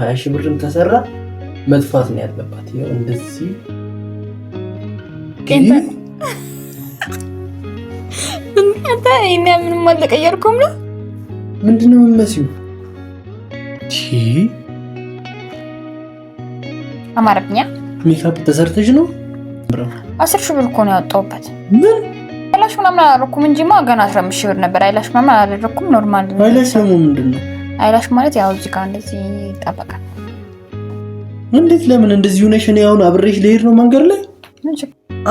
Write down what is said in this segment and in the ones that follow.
ሀያ ሺህ ብርም ተሰራ መጥፋት ነው ያለባት። ይኸው እንደዚህ አንተ ይሄን ምንም አልተቀየርኩም ነው ምንድነው ነው የምትመስይው? አማረብኛ ሜካፕ ተሰርተሽ ነው? አስር ሺህ ብር እኮ ነው ያወጣሁበት። ምን አይላሽ ምናምን አላደረኩም እንጂማ ገና አስራ አምስት ሺህ ብር ነበር። አይላሽ ምናምን አላደረኩም። ኖርማል አይላሽ ደግሞ ምንድን ነው አይላሽ ማለት ያው እዚህ ጋር እንደዚህ ይጠበቃል። እንዴት ለምን እንደዚህ ሆነሽ? እኔ አሁን አብሬሽ ልሄድ ነው መንገድ ላይ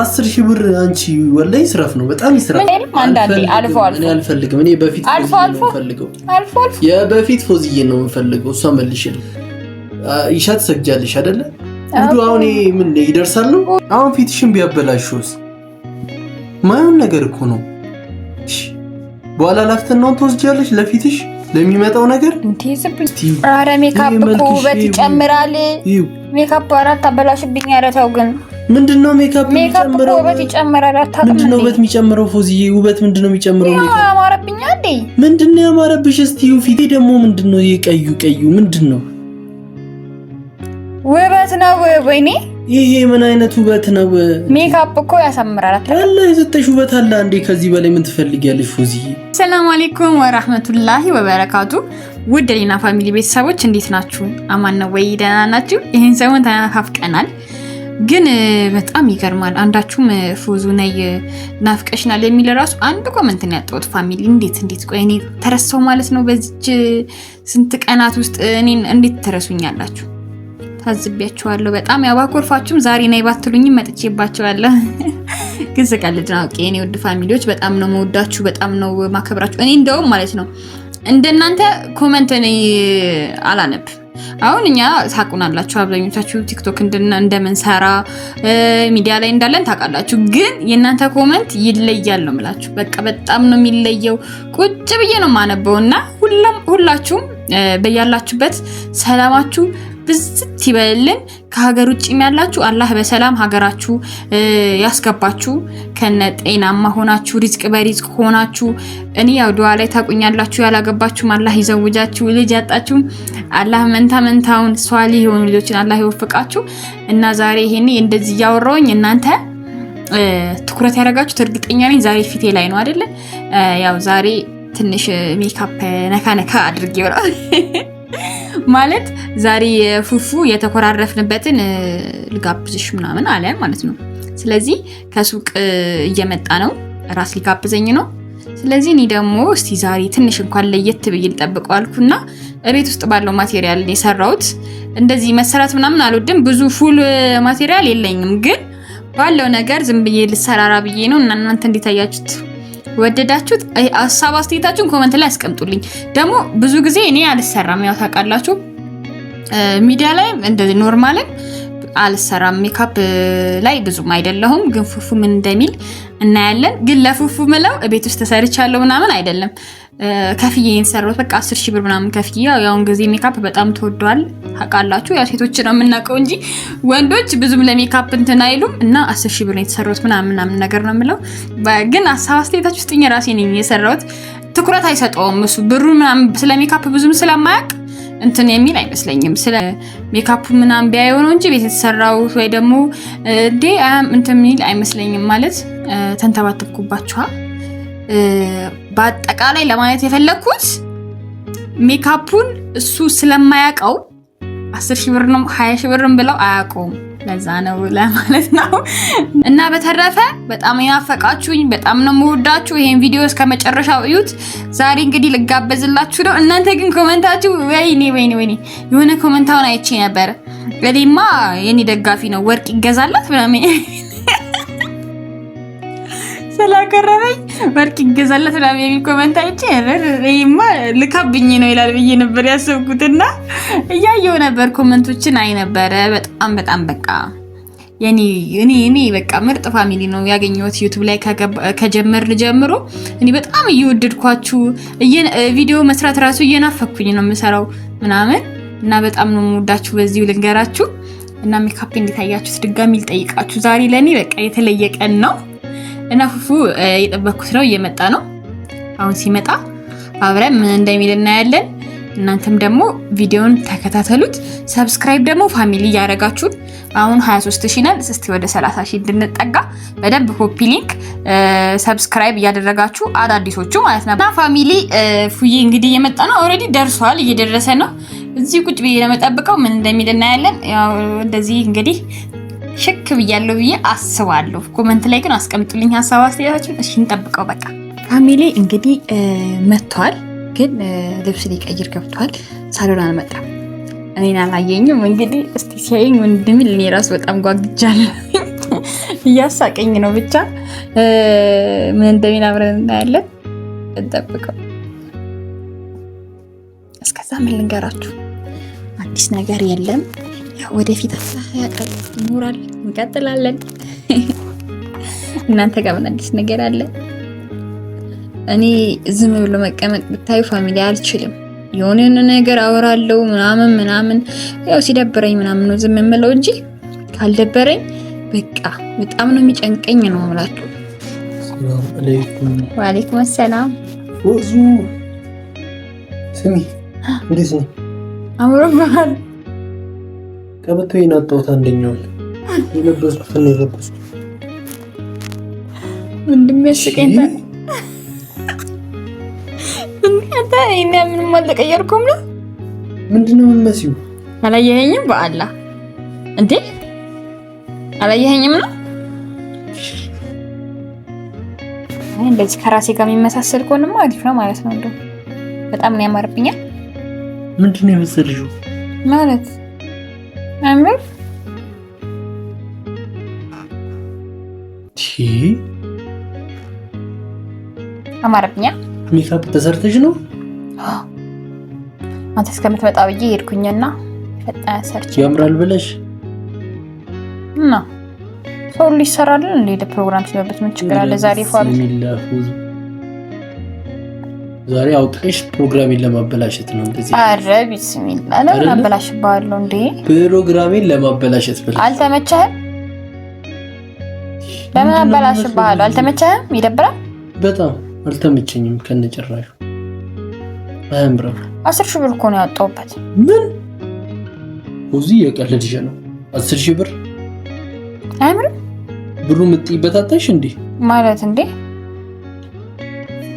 አስር ሺህ ብር አንቺ ወላሂ ስረፍ ነው በጣም ይስራፍ። አልፈልግም እኔ በፊት አልፎ አልፎ አልፎ አልፎ ፈልገው የበፊት ፎዝዬን ነው የምፈልገው። እሷ መልሽል ይሻ ትሰግጃለሽ አይደለ? እንዱ አሁን ምን ይደርሳሉ? አሁን ፊትሽን ቢያበላሹስ? ማየውን ነገር እኮ ነው። በኋላ ላፍትናውን ትወስጃለሽ ለፊትሽ ለሚመጣው ነገር ኧረ ሜካፕ እኮ ውበት ይጨምራል። ሜካፕ አራት አበላሽብኝ። ኧረ ተው ግን ምንድን ነው ሜካፕ የሚጨምረው? ውበት ይጨምራል። አታውቅም? ምንድን ነው ውበት የሚጨምረው? ውበት ምንድን ነው የሚጨምረው? ያማረብኛ እንዴ? ምንድን ነው ያማረብሽ? እስቲ ፊቴ ደግሞ ምንድን ነው የቀዩ ቀዩ ምንድን ነው? ውበት ነው ወይኔ ይሄ ምን አይነት ውበት ነው? ሜካፕ እኮ ያሳምራል። አላ የሰጠሽ ውበት አለ እንዴ? ከዚህ በላይ ምን ትፈልጊያለሽ? ፎዚ ሰላም አሌይኩም ወራህመቱላሂ ወበረካቱ። ውድ ሌና ፋሚሊ ቤተሰቦች እንዴት ናችሁ? አማን ነው ወይ? ደህና ናችሁ? ይህን ሰሞን ተናፍቀናል፣ ግን በጣም ይገርማል። አንዳችሁም ፎዙ ነይ ናፍቀሽናል የሚል ራሱ አንድ ኮመንት ነው ያጣሁት። ፋሚሊ እንዴት እንዴት፣ ቆይ እኔ ማለት ነው? በዚች ስንት ቀናት ውስጥ እኔን እንዴት ትረሱኛላችሁ? ታዝቢያቸዋለሁ። በጣም ያባኮርፋችሁም ዛሬ ነይ ባትሉኝም መጥቼባቸዋለሁ። ግን ስቀልድ ነው አውቄ። የኔ ውድ ፋሚሊዎች በጣም ነው መወዳችሁ፣ በጣም ነው ማከብራችሁ። እኔ እንደውም ማለት ነው እንደናንተ ኮመንት እኔ አላነብ አሁን እኛ ታቁን አላችሁ አብዛኞቻችሁ ቲክቶክ እንደምንሰራ ሚዲያ ላይ እንዳለን ታውቃላችሁ። ግን የእናንተ ኮመንት ይለያል ነው ምላችሁ። በቃ በጣም ነው የሚለየው። ቁጭ ብዬ ነው ማነበው እና ሁላችሁም በያላችሁበት ሰላማችሁ ብዝት ይበልልን። ከሀገር ውጭም ያላችሁ አላህ በሰላም ሀገራችሁ ያስገባችሁ ከነ ጤናማ ሆናችሁ ሪዝቅ በሪዝቅ ሆናችሁ። እኔ ያው ድዋ ላይ ታቁኛላችሁ። ያላገባችሁም አላህ ይዘውጃችሁ። ልጅ ያጣችሁ አላህ መንታ መንታውን ሷሊ የሆኑ ልጆችን አላህ ይወፍቃችሁ። እና ዛሬ ይሄኔ እንደዚህ እያወራውኝ እናንተ ትኩረት ያደረጋችሁት እርግጠኛ ነኝ ዛሬ ፊቴ ላይ ነው አይደለ? ያው ዛሬ ትንሽ ሜካፕ ነካ ነካ አድርጌ ማለት ዛሬ የፉፉ የተኮራረፍንበትን ልጋብዝሽ ምናምን አለ ማለት ነው። ስለዚህ ከሱቅ እየመጣ ነው፣ ራስ ሊጋብዘኝ ነው። ስለዚህ እኔ ደግሞ እስቲ ዛሬ ትንሽ እንኳን ለየት ብዬ ልጠብቀው አልኩና እቤት ውስጥ ባለው ማቴሪያል የሰራሁት እንደዚህ መሰራት ምናምን አልወድም። ብዙ ፉል ማቴሪያል የለኝም፣ ግን ባለው ነገር ዝም ብዬ ልሰራራ ብዬ ነው እና እናንተ እንዲታያችሁት ወደዳችሁት ሀሳብ አስተያየታችሁን ኮመንት ላይ አስቀምጡልኝ። ደግሞ ብዙ ጊዜ እኔ አልሰራም፣ ያው ታውቃላችሁ፣ ሚዲያ ላይም እንደዚህ ኖርማልም አልሰራም። ሜካፕ ላይ ብዙም አይደለሁም፣ ግን ፉፉ ምን እንደሚል እናያለን። ግን ለፉፉ ምለው ቤት ውስጥ ተሰርቻለሁ ምናምን አይደለም ከፍዬ የሰራሁት በቃ አስር ሺህ ብር ምናምን ከፍዬ። ያውን ጊዜ ሜካፕ በጣም ተወዷል ታውቃላችሁ። ያው ሴቶች ነው የምናውቀው እንጂ ወንዶች ብዙም ለሜካፕ እንትን አይሉም። እና አስር ሺህ ብር ነው የተሰራሁት ምናምን ምናምን ነገር ነው የምለው። ግን ሀሳብ አስተያየታችሁ ስጥኝ። ራሴ ነኝ የሰራሁት። ትኩረት አይሰጠውም እሱ ብሩ ምናምን ስለ ሜካፕ ብዙም ስለማያውቅ እንትን የሚል አይመስለኝም። ስለ ሜካፕ ምናምን ቢያየው ነው እንጂ ቤት የተሰራው ወይ ደግሞ እንዴ እንትን የሚል አይመስለኝም። ማለት ተንተባተብኩባችኋል። በአጠቃላይ ለማለት የፈለግኩት ሜካፑን እሱ ስለማያውቀው አስር ሺህ ብር ነው ሀያ ሺህ ብርም ብለው አያውቀውም። ለዛ ነው ለማለት ነው። እና በተረፈ በጣም የናፈቃችሁኝ በጣም ነው የምወዳችሁ። ይሄን ቪዲዮ እስከ መጨረሻው እዩት። ዛሬ እንግዲህ ልጋበዝላችሁ ነው። እናንተ ግን ኮመንታችሁ ወይኔ ወይኔ ወይኔ የሆነ ኮመንታውን አይቼ ነበር። እኔማ የኔ ደጋፊ ነው ወርቅ ይገዛላት ምናምን ስላቀረበኝ ወርቅ ይገዛላት ምናምን የሚል ኮመንት አይቼ ይማ ልካብኝ ነው ይላል ብዬ ነበር ያሰብኩትና እያየው ነበር ኮመንቶችን አይ ነበረ። በጣም በጣም በቃ እኔ እኔ በቃ ምርጥ ፋሚሊ ነው ያገኘሁት። ዩቱብ ላይ ከጀመርን ጀምሮ እኔ በጣም እየወደድኳችሁ ቪዲዮ መስራት ራሱ እየናፈኩኝ ነው የምሰራው ምናምን እና በጣም ነው የምወዳችሁ። በዚሁ ልንገራችሁ እና ሜካፕ እንዲታያችሁ ድጋሚ ልጠይቃችሁ። ዛሬ ለእኔ በቃ የተለየ ቀን ነው። እና ፉፉ የጠበኩት ነው እየመጣ ነው። አሁን ሲመጣ አብረን ምን እንደሚል እናያለን። እናንተም ደግሞ ቪዲዮን ተከታተሉት። ሰብስክራይብ ደግሞ ፋሚሊ እያደረጋችሁን አሁን 23 ሺ ነን። እስቲ ወደ 30 ሺ እንድንጠጋ በደንብ ኮፒ ሊንክ ሰብስክራይብ እያደረጋችሁ አዳዲሶቹ ማለት ነው እና ፋሚሊ ፉዬ እንግዲህ እየመጣ ነው። ኦልሬዲ ደርሷል፣ እየደረሰ ነው። እዚህ ቁጭ ብዬ ለመጠብቀው ምን እንደሚል እናያለን። እንደዚህ እንግዲህ ሽክ ብያለሁ ብዬ አስባለሁ። ኮመንት ላይ ግን አስቀምጡልኝ ሀሳብ አስተያየታችሁን። እሺ እንጠብቀው። በቃ ፋሚሊ እንግዲህ መጥቷል፣ ግን ልብስ ሊቀይር ገብቷል። ሳሎን አልመጣም፣ እኔን አላየኝም። እንግዲህ እስቲ ሲያየኝ ወንድምል እኔ ራሱ በጣም ጓግጃለሁ። እያሳቀኝ ነው። ብቻ ምን እንደሚል አብረን እናያለን። እንጠብቀው። እስከዛ ምን ልንገራችሁ፣ አዲስ ነገር የለም። ወደፊት አላህ ያቅርብ። ይኖራል፣ እንቀጥላለን። እናንተ ጋር ምን አዲስ ነገር አለ? እኔ ዝም ብሎ መቀመጥ ብታዩ ፋሚሊ አልችልም። የሆነን ነገር አወራለሁ ምናምን ምናምን፣ ያው ሲደብረኝ ምናምን ነው ዝም የምለው እንጂ ካልደበረኝ በቃ በጣም ነው የሚጨንቀኝ ነው የምላችሁ። ወአለይኩም ሰላም። ስሚ እንዴት ነው አምሮብሃል? ቀበቶ የናጣሁት አንደኛውን የለበስኩትን ነው የለበስኩት። ወንድም ያስቀኝ። አንተ እኔ ምንም አልተቀየርኩም ነው። ምንድነው ነው አላየኸኝም? በአላ እንዴ አላየኸኝም ነው። አይ እንደዚህ ከራሴ ጋር የሚመሳሰል ከሆነማ አሪፍ ነው ማለት ነው። እንደው በጣም ነው ያማርብኛል። ምንድነው ነው የመሰልሽው ማለት አምር ቲ አማረብኛ ሜካፕ ተሰርተሽ ነው? አንተ እስከምትመጣ ብዬ ሄድኩኝና ፈጣን ሰርች። ያምራል ብለሽ እና ሰው ሊሰራልን እንደ ፕሮግራም ሲመበት ምን ችግር አለ? ዛሬ ፋብ ዛሬ አውቀሽ ፕሮግራሜን ለማበላሸት ነው እንደዚህ? አረ ቢስሚላ ለምን አበላሽብሃለሁ እንዴ? ፕሮግራሜን ለማበላሸት ብለሽ አልተመቸህም? ለምን አበላሽብሃለሁ? አልተመቸህም? ይደብራል። በጣም አልተመቸኝም ከነጭራሹ። አያምርም። አስር ሺህ ብር እኮ ነው ያወጣሁበት። ምን እዚህ የቀለድሽ ነው? አስር ሺህ ብር አያምርም። ብሩ የምትይበታተሽ እንዴ ማለት እንዴ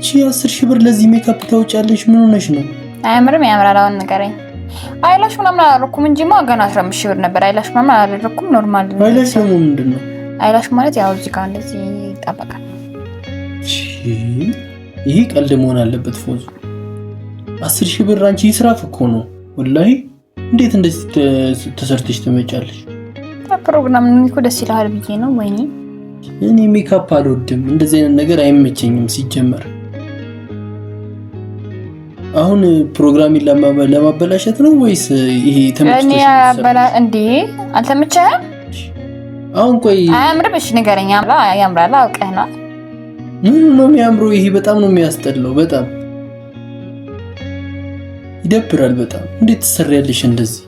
አንቺ አስር ሺህ ብር ለዚህ ሜካፕ ታውጫለሽ? ምን ሆነሽ ነው? አያምርም? ያምራል። አሁን ንገረኝ። አይላሽ ምናምን አላደረኩም እንጂማ ገና አስራ አምስት ሺህ ብር ነበር። አይላሽ ምናምን አላደረኩም። ኖርማል ነው። አይላሽ ደግሞ ምንድን ነው? አይላሽ ማለት ያው እዚህ ጋር እንደዚህ ይጠበቃል። ይህ ቀልድ መሆን አለበት። ፎዙ አስር ሺህ ብር አንቺ ይስራፍ እኮ ነው ወላሂ። እንዴት እንደዚህ ተሰርተሽ ትመጫለሽ? ፕሮግራም እኮ ደስ ይልሃል ብዬ ነው። ወይኔ እኔ ሜካፕ አልወድም። እንደዚህ አይነት ነገር አይመቸኝም ሲጀመር አሁን ፕሮግራሚን ለማበላሸት ነው ወይስ ይሄ ተመችቶ እንዴ? አልተመቸህም? አሁን ቆይ አያምርም? እሺ ንገረኝ። ያምራል። አውቀህ ነው። ምኑ ነው የሚያምረው? ይሄ በጣም ነው የሚያስጠላው። በጣም ይደብራል። በጣም እንዴት ትሰሪያለሽ እንደዚህ?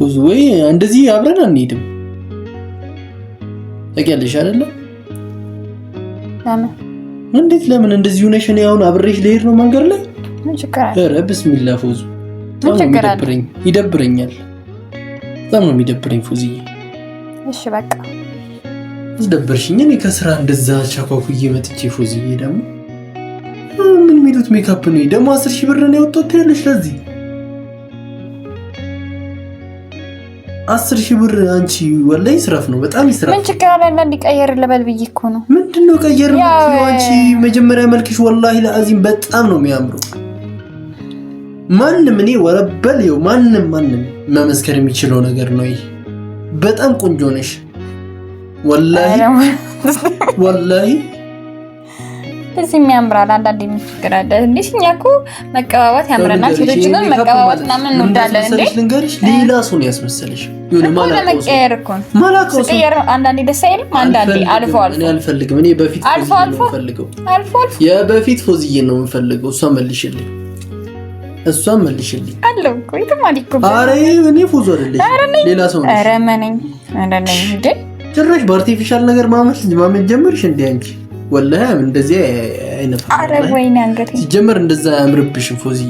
ብዙ ወይ እንደዚህ አብረን አንሄድም። ታውቂያለሽ ለምን እንዴት? ለምን እንደዚህ ሆነሽ? እኔ አሁን አብሬሽ ልሄድ ነው መንገድ ላይ ኧረ ብስሚላ ፎዙ ይደብረኛል። በጣም ነው የሚደብረኝ ፎዝዬ። እሺ በቃ አስደበርሽኝ። እኔ ከስራ እንደዛ ቻኳኩዬ መጥቼ ፎዝዬ ደግሞ ምን የሚሉት ሜካፕ ነው ደግሞ አስር ሺህ ብር ነው ያወጣሁት ያለሽ ለዚህ አስር ሺህ ብር አንቺ ወላሂ ስራፍ ነው፣ በጣም ይስራፍ። ምን ችግር አለ? አንዳንድ ቀየር ልበል ብዬ እኮ ነው። ምንድን ነው ቀየር? አንቺ መጀመሪያ መልክሽ ወላሂ ለአዚም በጣም ነው የሚያምረው። ማንም እኔ ወረበል ይኸው ማንም ማንም መመስከር የሚችለው ነገር ነው ይሄ። በጣም ቆንጆ ነሽ ወላሂ ወላሂ እዚህ ያምራል። አንዳንድ የሚችግር አለ እንዴ? እኛ እኮ መቀባባት ያምረናል። ሴቶች ግን መቀባባት ምናምን እንወዳለን እንዴ? ልንገርሽ፣ ሌላ ሰው ነው ያስመሰለሽ። ለመቀየር እኮ አንዳንዴ ደስ አይልም። አንዳንዴ አልፎ አልፎ አልፈልግም። እኔ በፊት አልፎ አልፎ የበፊት ፎዝዬ ነው የምፈልገው። እሷ መልሽልኝ፣ እሷ መልሽልኝ አለው እኮ የትም አልሄድኩም። ኧረ እኔ ፎዞ አይደለሽም፣ ሌላ ሰው ነሽ። ኧረ መነኝ ጭራሽ በአርቲፊሻል ነገር ማመን ጀመርሽ አንቺ ወላሂ እንደዚህ አይነት ሲጀመር እንደዛ ያምርብሽ ፎዚ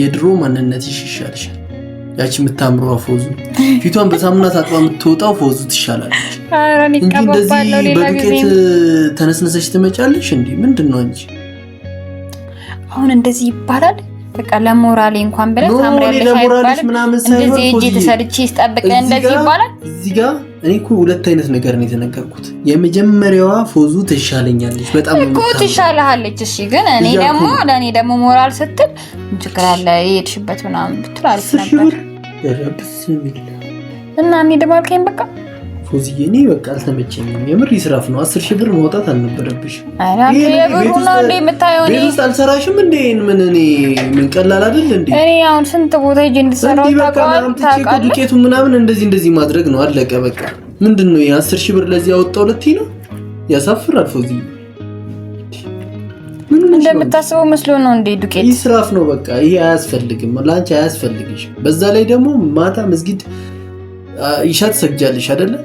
የድሮ ማንነትሽ ይሻልሻል። ያቺ የምታምሯ ፎዙ ፊቷን በሳሙና ታጥባ የምትወጣው ፎዙ ትሻላለች እንጂ እንደዚህ በዱቄት ተነስነሰች ትመጫለሽ እንዲ ምንድን ነው እንጂ አሁን እንደዚህ ይባላል። በቃ ለሞራሌ እንኳን ብለህ ታምሪያለሽ አይባልም። እንደዚህ እጅ ተሰርቼ ስጠብቅህ እንደዚህ ይባላል። እዚህ ጋር እኔ እኮ ሁለት አይነት ነገር ነው የተነገርኩት። የመጀመሪያዋ ፎዙ ትሻለኛለች፣ በጣም እኮ ትሻለሃለች። እሺ ግን እኔ ደግሞ ለእኔ ደግሞ ሞራል ስትል ችግር አለ የሄድሽበት ምናምን ብትል አሪፍ ነበር እና እኔ ደግሞ አልከኝ በቃ ፎዝዬ እኔ በቃ አልተመቸኝም። የምር ይስራፍ ነው። አስር ሺህ ብር ማውጣት አልነበረብሽ። ቤት ውስጥ አልሰራሽም እንዴ? ምን እኔ ምን ቀላል አይደል እንዴ? እኔ አሁን ስንት ቦታ ሂጅ እንድሰራው ዱቄቱ ምናምን እንደዚህ እንደዚህ ማድረግ ነው። አለቀ በቃ። ምንድን ነው የአስር ሺህ ብር ለዚህ ያወጣው ልትይ ነው? ያሳፍራል ፎዝዬ። እንደምታስበው መስሎ ነው እንዴ? ዱቄት ይስራፍ ነው በቃ። ይሄ አያስፈልግም፣ ለአንቺ አያስፈልግሽ። በዛ ላይ ደግሞ ማታ መስጊድ ይሻ ትሰግጃለሽ አይደለ?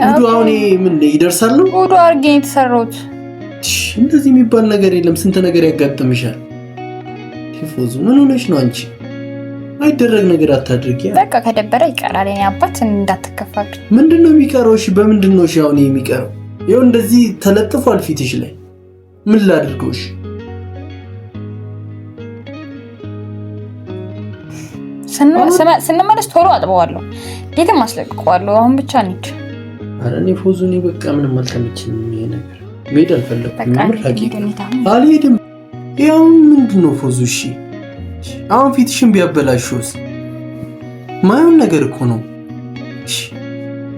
ጉዱ አሁን ምን ይደርሳሉ? ውዱ አድርጌ የተሰራሁት እንደዚህ የሚባል ነገር የለም። ስንት ነገር ያጋጥምሻል። ቲፎዙ ምን ሆነሽ ነው አንቺ? አይደረግ ነገር አታድርጊ። በቃ ከደበረ ይቀራል። ኔ አባት እንዳትከፋብ። ምንድን ነው የሚቀረው? እሺ በምንድን ነው እሺ አሁን የሚቀረው? ይኸው እንደዚህ ተለጥፏል ፊትሽ ላይ። ምን ላድርገውሽ? ስንመለስ ቶሎ አጥበዋለሁ፣ ቤትም አስለቅቀዋለሁ። አሁን ብቻ እንሂድ። ኧረ እኔ ፎዙ እኔ በቃ ምንም አልተመችኝም። ይሄ ነገር መሄድ አልፈለኩም። አልሄድም። ያው ምንድን ነው ፎዙ? እሺ አሁን ፊትሽን ቢያበላሽውስ? ማየውን ነገር እኮ ነው።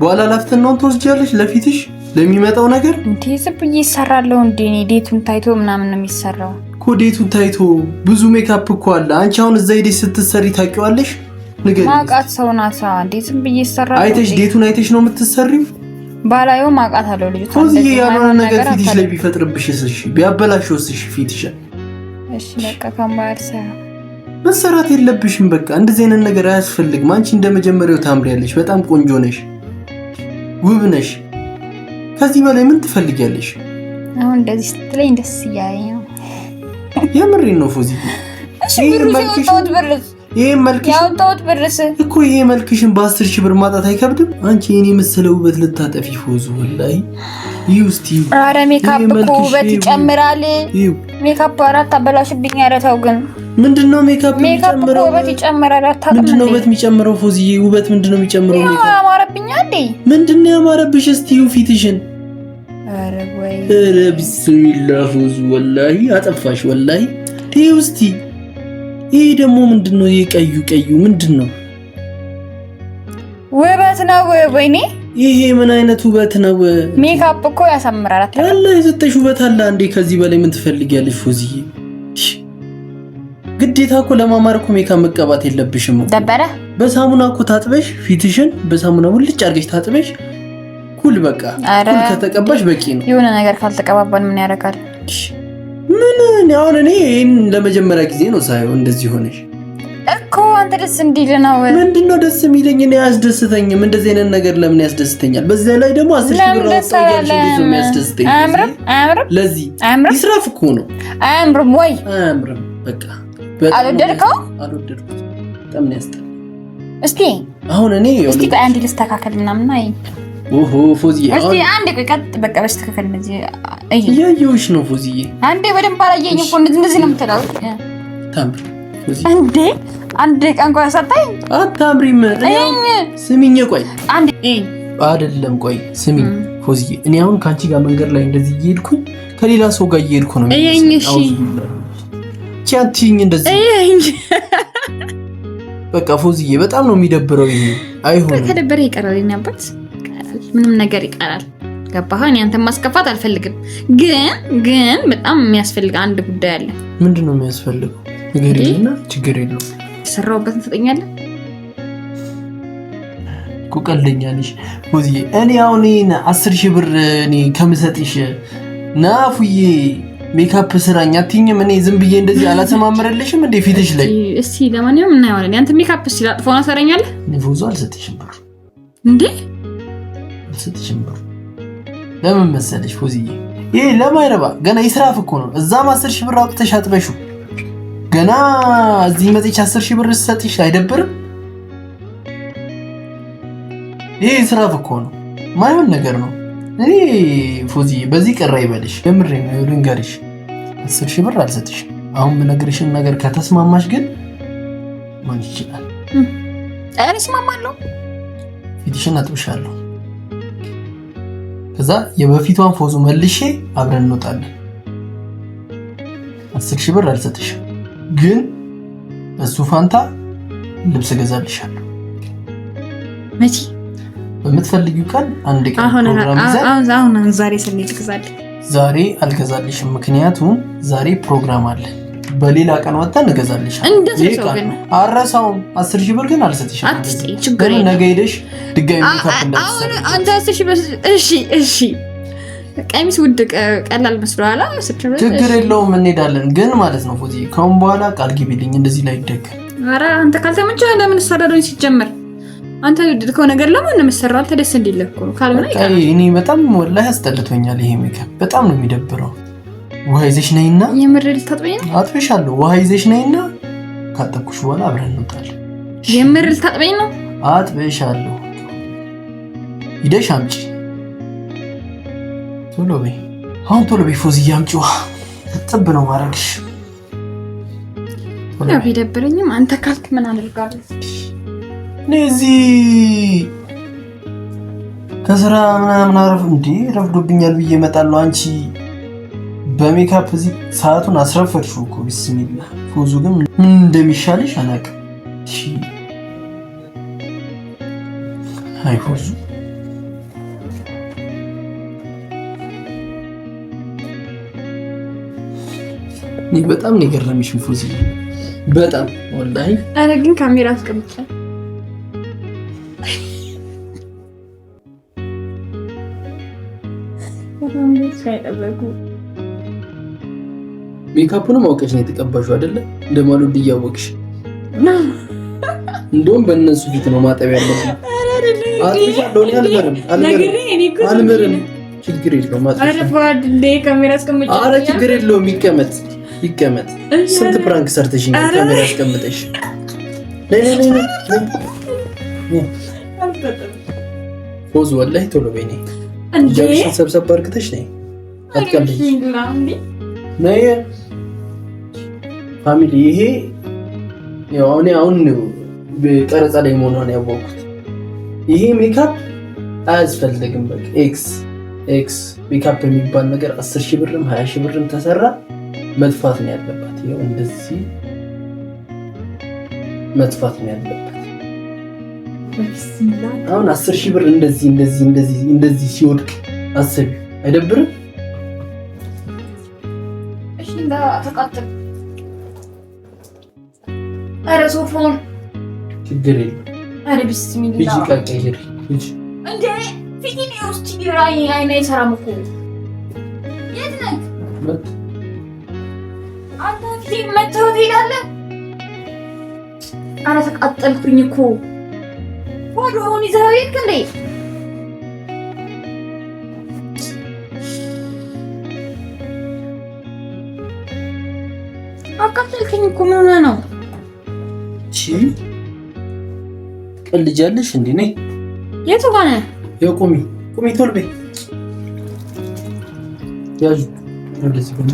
በኋላ ላፍትናውን ትወስጃለሽ ለፊትሽ ለሚመጣው ነገር እንዴ ዝም ብዬ ይሰራለሁ እንዴ? እኔ ዴቱን ታይቶ ምናምን ነው የሚሰራው እኮ ዴቱን ታይቶ ብዙ ሜካፕ እኮ አለ። አንቺ አሁን እዛ ሄደሽ ስትሰሪ ታውቂዋለሽ? ንገሪኝ። ማውቃት ሰው ናታ እንዴ? ዝም ብዬ ይሰራለሁ። አይተሽ ዴቱን አይተሽ ነው የምትሰሪው? ባላዩ ማቃት አለው ልጅቷ እዚህ ያልሆነ ነገር ፊትሽ ላይ ቢፈጥርብሽ እሺ፣ ቢያበላሽ እሺ፣ ፊትሽ እሺ፣ በቃ ከማርሰ መሰራት የለብሽም። በቃ እንደዚህ አይነት ነገር አያስፈልግም። አንቺ እንደመጀመሪያው ታምሪያለሽ። በጣም ቆንጆ ነሽ፣ ውብ ነሽ። ከዚህ በላይ ምን ትፈልጊያለሽ? አሁን እንደዚህ ስትለኝ ደስ እያለኝ ነው። የምሬን ነው ፎዚ። እሺ ብሩ ሲወጣው ይሄን መልክሽ ያውጣውት ብርስ እኮ ይሄ መልክሽን በአስር ሺህ ብር ማጣት አይከብድም። አንቺ የኔ መሰለ ውበት ልታጠፊ ፎዙ ወላሂ ይው እስቲ። ሜካፕ እኮ ውበት ይጨምራል። ሜካፕ አራት አበላሽብኝ። ኧረ ተው ግን ምንድነው ሜካፕ የሚጨምረው? ውበት ይጨምራል። አታውቅም። ምንድነው ውበት የሚጨምረው? ፎዝዬ ውበት ምንድነው የሚጨምረው? ሜካፕ ያማረብኝ እንዴ? ምንድነው ያማረብሽ? እስቲ ፊትሽን አረ ወይ ኧረ ቢስሚላህ ፎዙ ወላሂ አጠፋሽ ወላሂ ይው እስቲ ይሄ ደግሞ ምንድን ነው? ይሄ ቀዩ ቀዩ ምንድን ነው? ውበት ነው ወይኔ! ይሄ ምን አይነት ውበት ነው? ሜካፕ እኮ ያሳምራል። አላ የሰጠሽ ውበት አለ እንዴ! ከዚህ በላይ ምን ትፈልጊያለሽ ፎዚዬ? ግዴታ እኮ ለማማር እኮ ሜካፕ መቀባት የለብሽም ደበረ በሳሙና እኮ ታጥበሽ ፊትሽን በሳሙና ውልጭ አድርገሽ ታጥበሽ ኩል በቃ ኩል ከተቀባሽ በቂ ነው። የሆነ ነገር ካልተቀባባን ምን ያደርጋል? ምን አሁን እኔ ይህን ለመጀመሪያ ጊዜ ነው ሳየው እንደዚህ ሆነሽ እኮ አንተ ደስ እንዲል ነው። ምንድን ነው ደስ የሚለኝ? እኔ አያስደስተኝም። እንደዚህ አይነት ነገር ለምን ያስደስተኛል? በዚያ ላይ ደግሞ አስር ሺህ ብር አውጥቶ ለዚህ ይስረፍ እኮ ነው። አያምርም ወይ? አያምርም። በቃ አልወደድከው? አልወደድኩት። በጣም ነው ያስጠላል። አሁን እኔ እስኪ አንድ ልስተካከል ምናምን ኦሆ ፎዚዬ፣ እስቲ አንድ ቀጥ በቃ በስተከከል እንደዚህ እያየሁሽ ነው ፎዚዬ። አንዴ በደንብ አላየኝ እኮ እንደዚህ እንደዚህ ነው የምትለው። ታምሪ እንዴ አንድ ቀን ቆይ፣ ሰጣኝ አታምሪም። ስሚኝ ቆይ አንዴ አይደለም ቆይ ስሚኝ ፎዚዬ፣ እኔ አሁን ከአንቺ ጋር መንገድ ላይ እንደዚህ እየሄድኩኝ ከሌላ ሰው ጋር እየሄድኩ ነው። እየኝ እሺ፣ ቻንቲኝ እንደዚህ እየኝ በቃ ፎዚዬ፣ በጣም ነው የሚደብረው ይሄ። አይሆንም ከደበረ ይቀራል ይናበት ምንም ነገር ይቀራል። ገባህን? እኔ ማስከፋት አልፈልግም፣ ግን ግን በጣም የሚያስፈልግ አንድ ጉዳይ አለ። ምንድን ነው የሚያስፈልገው? ንገሪኝና ችግር የለውም የሰራሁበትን ትጠኛለህ። ቁቀልደኛ ነሽ ሆዝዬ። እኔ አሁን አስር ሺህ ብር እኔ ከምሰጥሽ ናፉዬ ሜካፕ ስራኝ አትይኝም? እኔ ዝም ብዬ እንደዚህ አላሰማምረልሽም እንዴ ፊትሽ ላይ። እስቲ ለማንኛውም እናየዋለን። ያንተ ሜካፕ ሲላጥፎ ነው ሰረኛለ ብዙ አልሰጥሽም ብር እንዴ አልሰጥሽም ብሩ። ለምን መሰለሽ ፎዚዬ፣ ይሄ ለማይረባ ገና ይስራፍ እኮ ነው። እዛም አስር ሺህ ብር አውጥተሽ አጥበሽው ገና እዚህ መጥቼ አስር ሺህ ብር ሰጥሽ አይደብርም? ይሄ ይስራፍ እኮ ነው፣ ማይሆን ነገር ነው። እኔ ፎዚዬ በዚህ ቀራ ይበልሽ፣ የምሬ ነው። ልንገርሽ አስር ሺህ ብር አልሰጥሽ። አሁን የምነግርሽን ነገር ከተስማማሽ ግን ማን ይችላል? ኧረ እስማማለሁ። ፊትሽን አጥብሻለሁ ከዛ የበፊቷን ፎዙ መልሼ አብረን እንወጣለን። አስር ሺህ ብር አልሰጥሽም፣ ግን እሱ ፋንታ ልብስ እገዛልሻለሁ። መቼ? በምትፈልጊው ቀን አንድ ቀን ዛሬ ስንሄድ እገዛለሁ። ዛሬ አልገዛልሽም፣ ምክንያቱም ዛሬ ፕሮግራም አለን። በሌላ ቀን ወጥተን እንገዛልሽ። አረሳውም አስር ሺህ ብር ግን አልሰጥሽ። ነገ ሄደሽ ድጋሚ ቀሚስ ውድ ቀላል ኋላ ችግር የለውም እንሄዳለን። ግን ማለት ነው ፎቲ ከሁን በኋላ ቃል ግቢልኝ እንደዚህ ላይ ይደግ። ኧረ አንተ ካልተመቸ ለምን ሳዳዶኝ ሲጀመር አንተ ድድከው ነገር ለማን ነው የምትሰራው? አንተ ደስ እንዲል ካልሆነ እኔ በጣም ወላሂ አስጠልቶኛል። ይሄ ሜካፕ በጣም ነው የሚደብረው። ውሃ ይዘሽ ነይና፣ የምር ልታጥበኝ ነው? አጥብሻለሁ። ውሃ ይዘሽ ነይና፣ ካጠብኩሽ በኋላ አብረን እንወጣለን። የምር ልታጥበኝ ነው? አጥብሻለሁ። ሂደሽ አምጪ። ቶሎ በይ፣ አሁን ቶሎ በይ። ፎዝዬ አምጪ ውሃ። ጥብ ነው ማረግሽ። ያው ቢደብረኝም አንተ ካልክ ምን አደርጋለሁ? እኔ እዚህ ከስራ ምናምን አረፍ እንዴ ረፍዶብኛል ብዬ እመጣለሁ። አንቺ በሜካፕ እዚህ ሰዓቱን አስረፈድሽው እኮ ቢስሚላ። ፎዙ ግን ምን እንደሚሻልሽ አላውቅም። አይ ፎዙ ይህ በጣም ነው የገረመሽ ፎዚ፣ በጣም ወላሂ። አረ ግን ካሜራ አስቀምጫለሁ። በጣም ሜካፑንም አውቀሽ ነው የተቀባሽው አይደለ? እንደማልወድ እያወቅሽ እንደውም በእነሱ ፊት ነው ማጠብ ያለብሽ። አልምርም፣ ችግር የለውም። ችግር የለውም። ይቀመጥ ይቀመጥ። ስንት ፕራንክ ሰርተሽ ካሜራ አስቀምጠሽ። ፎዝ ወላሂ ቶሎ በይ እጃሽን ሰብሰብ አድርገሽ ነይ። አትቀልጂ ነይ ፋሚሊ ይሄ አሁን አሁን ቀረጻ ላይ መሆኗን ያወቅኩት ይሄ ሜካፕ አያስፈልግም። በቃ ኤክስ ኤክስ ሜካፕ የሚባል ነገር አስር ሺህ ብርም ሀያ ሺህ ብርም ተሰራ መጥፋት ነው ያለባት። ይኸው እንደዚህ መጥፋት ነው ያለባት። አሁን አስር ሺህ ብር እንደዚህ እንደዚህ እንደዚህ እንደዚህ ሲወድቅ አስቢ አይደብርም? እሺ ተቃጠል ሶፋውን ችግር የለም። ኧረ ቢስሚላ ቀይር እንዴ! ፊቴን ውስጥ አይን አይሰራም እኮ የት ነህ አንተ? ፊቴን እንዴ? አቃጠልከኝ እኮ ምን ሆነህ ነው? ቀልጃለሽ እንዴ? ነይ። የቱ ጋር ነህ? ያው ቁሚ፣ ቁሚ፣ ቶሎ በይ። ያዙ እንደዚህ ቁሚ።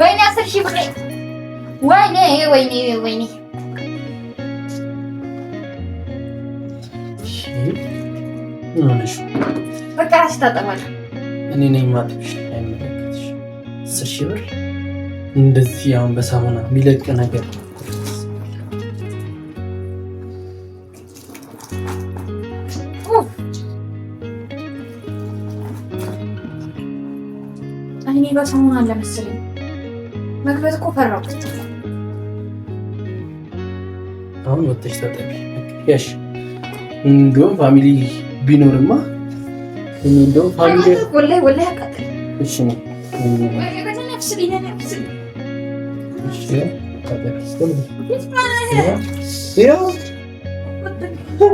ወይኔ አስር ሺህ ብር! ወይኔ ወይኔ ወይኔ! ምን ሆነሽ? በቃ እራስሽ ታጠባለሽ። እኔ ነኝ የማጥብሽ ሺህ ብር እንደዚህ አሁን በሳሙና የሚለቅ ነገር እኔ በሳሙና አለ መሰለኝ መግበት እኮ ፈራሁ። አሁን ወጥተሽ ታጠቢ ያሽ እንዲሁም ፋሚሊ ቢኖርማ እንዲሁም ፋሚሊ ወላሂ ወላሂ kişi bilemezsin. İşte kader istemedim. Ya. Ya.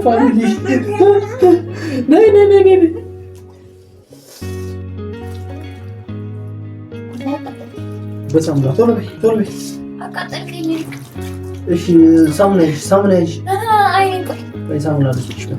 Bana geçti. Ne ne ne ne ne. Bacım da doğru bir doğru bir. Hakikaten kıyım. Eşi samneş samneş. Aha aynen. Ben samneş düştüm.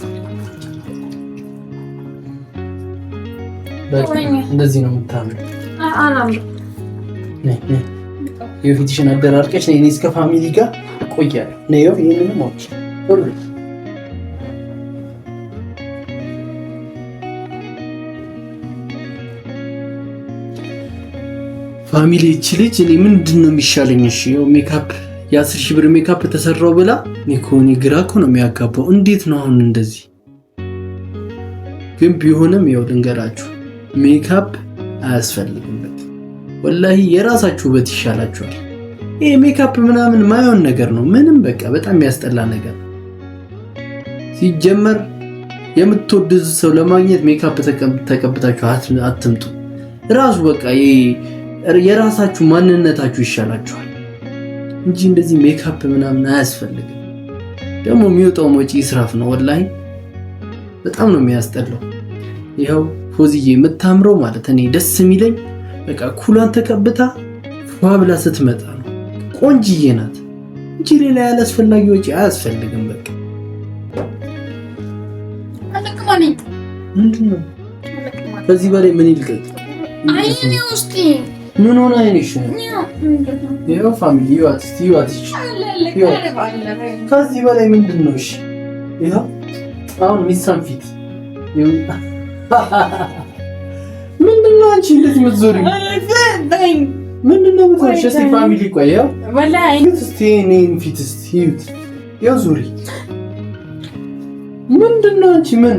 እንደዚህ ነው የምታምሪው። የፊትሽን አደራርቀሽ እኔ እስከ ፋሚሊ ጋር ቆያለሁ። ነይው ይህንንም አውጪ ፋሚሊ እቺ ልጅ እኔ ምንድን ነው የሚሻለኝ? እሺ ሜካፕ የአስር ሺህ ብር ሜካፕ ተሰራው ብላ ኒኮኒ ግራ እኮ ነው የሚያጋባው። እንዴት ነው አሁን እንደዚህ ግን ቢሆንም ያው ልንገራችሁ ሜካፕ አያስፈልግበት። ወላሂ የራሳችሁ ውበት ይሻላችኋል። ይህ ሜካፕ ምናምን ማየውን ነገር ነው። ምንም በቃ በጣም ያስጠላ ነገር ሲጀመር የምትወድዝ ሰው ለማግኘት ሜካፕ ተቀብታችሁ አትምጡ። ራሱ በቃ የራሳችሁ ማንነታችሁ ይሻላችኋል እንጂ እንደዚህ ሜካፕ ምናምን አያስፈልግም። ደግሞ የሚወጣው ወጪ ስራፍ ነው። ወላሂ በጣም ነው የሚያስጠላው። ይኸው ፎዝዬ የምታምረው ማለት እኔ ደስ የሚለኝ በቃ ኩሏን ተቀብታ ፏ ብላ ስትመጣ ነው። ቆንጅዬ ናት እንጂ ሌላ ያለ አስፈላጊ ወጪ አያስፈልግም። በቃ ምንድን ከዚህ በላይ ምን ይልቀጥ? ምን ሆነ አይንሽ? ይኸው ፋሚሊ ይዋት ይዋት ከዚህ በላይ ምንድን ነው? እሺ ይኸው አሁን ሚሳን ፊት ምንድን ነው አንቺ እንደዚህ የምትዞሪው? ምንድን ነው የምትሆንሽ? እስኪ ፋሚሊ ቆይ እኔን ፊት እስኪ ይዩት። ያው ዙሪ ምንድን ነው አንቺ ምን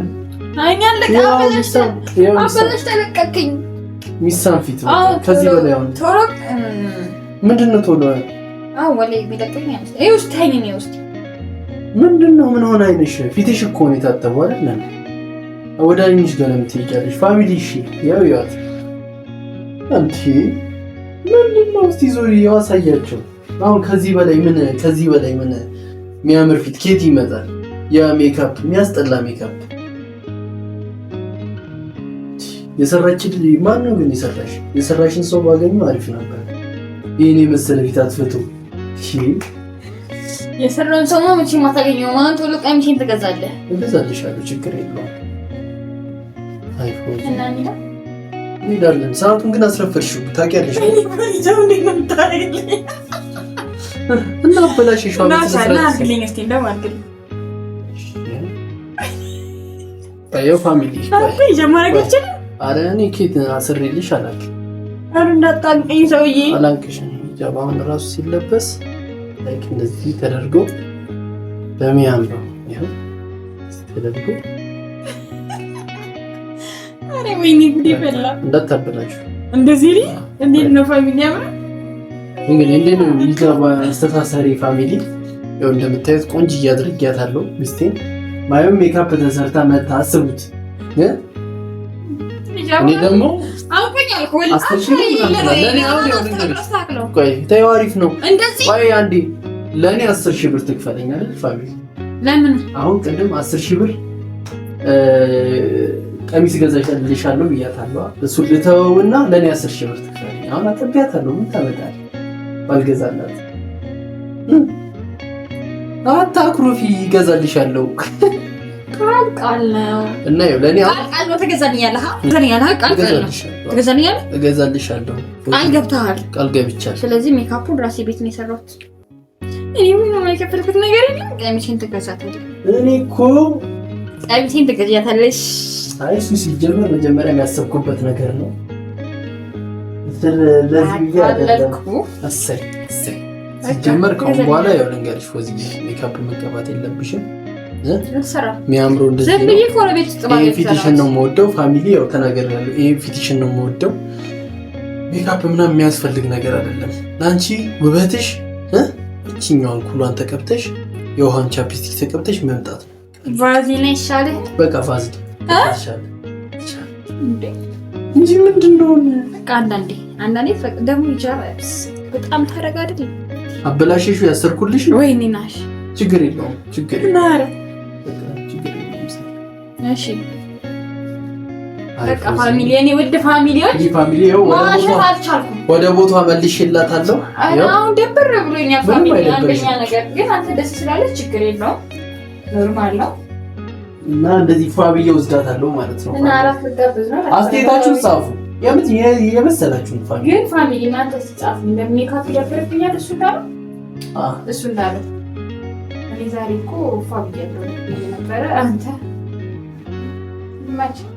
አበለሽ ተለቀቅኝ። ሚሳን ፊት ከዚህ በላይ አሁን ምንድን ነው ቶሎ ምንድን ነው ምን ሆነ? አይነሽ ፊትሽ እኮ ነው የታጠበው አይደል? ወዳጅሽ ጋር ለምትሄጃለሽ ፋሚሊ እሺ፣ ያው ያት አንቺ ምንድን ነው? እስቲ ዞሪ ያሳያቸው። አሁን ከዚህ በላይ ምን ከዚህ በላይ ምን የሚያምር ፊት ኬት ይመጣል? ያ ሜካፕ የሚያስጠላ ሜካፕ የሰራችን ማን ነው ግን የሰራሽ? የሰራሽን ሰው ባገኙ አሪፍ ነበር። ይህን የመሰለ ፊት አትፈቱ። የሰራውን ሰው መቼም አታገኘውም። ቶሎ ቀሚሽን ትገዛለህ፣ እገዛልሻለሁ፣ ችግር የለውም እንሄዳለን። ሰዓቱን ግን አስረፈድሽው ታውቂያለሽ። እና አበላሽ ፋሚሊ አረ እኔ ኬት አስሬልሽ ሰውዬ ራሱ ሲለበስ ላይክ እንደዚህ ተደርጎ ተደርጎ ወይኔ ጉዴ ፈላ። እንዳታበላችሁ እንደዚህ እንዴት ነው ፋሚሊ? አብራ እንግዲህ እንዴት ነው ይዛባ አስተሳሰሪ ፋሚሊ ያው እንደምታዩት ቆንጅ እያድርጊያታለሁ ሚስቴን። ማየም ሜካፕ ተሰርታ መታ አስቡት። እኔ ደግሞ አውቆኛል። ተይው አሪፍ ነው። ቆይ አንዴ ለእኔ አስር ሺህ ብር ትክፈለኛለህ ፋሚሊ? ለምን አሁን ቅድም አስር ሺህ ብር ቀሚስ ገዛልሻለሁ ብያታለሁ። እሱ ልተወውና ለእኔ አስር ሺህ ብር ትክፈልኝ። አሁን አጠቢያታለሁ። ምን ታመጣለህ? ባልገዛላት አታኩርፊ፣ ይገዛልሻለሁ ቃል ቃል ነው እና ለእኔ ቃል ቃል ነው። ተገዛልኛለህ ተገዛልኛለህ ቃል ቃል ነው ተገዛልኛለህ ቃል ቃል ስለዚህ ሜካፑን ራሴ ቤት ነው የሰራሁት። እኔ ምንም አይ እሱ ሲጀመር መጀመሪያ የሚያሰብኩበት ነገር ነው። ሲጀመር ከአሁን በኋላ ያው ልንገርሽ፣ ወዚህ ሜካፕ መቀባት የለብሽም። የሚያምሩ እንደዚህ ፊትሽን ነው የምወደው። ፋሚሊ ያው ተናገር ያለው ይሄ ፊትሽን ነው የምወደው። ሜካፕ ምናምን የሚያስፈልግ ነገር አይደለም። ለአንቺ ውበትሽ እችኛዋን ኩሏን ተቀብተሽ የውሃን ቻፕስቲክ ተቀብተሽ መምጣት ነው። ቫዝሊን ይሻልህ። በቃ ቫዝሊን እንጂ ምንድን ነው አንዳንዴ አንዳንዴ ደግሞ በጣም አይደል? ያሰርኩልሽ ነው። ወይኔ ናሽ ችግር የለውም ችግር በቃ ፋሚሊ፣ ውድ ፋሚሊዎች ወደ ቦታ መልሼላታለሁ። አሁን ደብር ብሎኛል ፋሚሊ። አንደኛ ነገር ግን አንተ ደስ ችግር የለውም ኖርማል ነው። እና እንደዚህ ፏ ብዬ ወስዳታለሁ ማለት ነው። እና አራት ልጋበዝ ነው። አስተያየታችሁን ጻፉ። የምት የመሰላችሁን ፋሚሊ ግን ፋሚሊ እናንተ ጻፉ። እንደሚካት ይደብርብኛል። እሱ እንዳለ እሱ እንዳለ እኔ ዛሬ እኮ ፏ ብዬ ነበረ አንተ ማች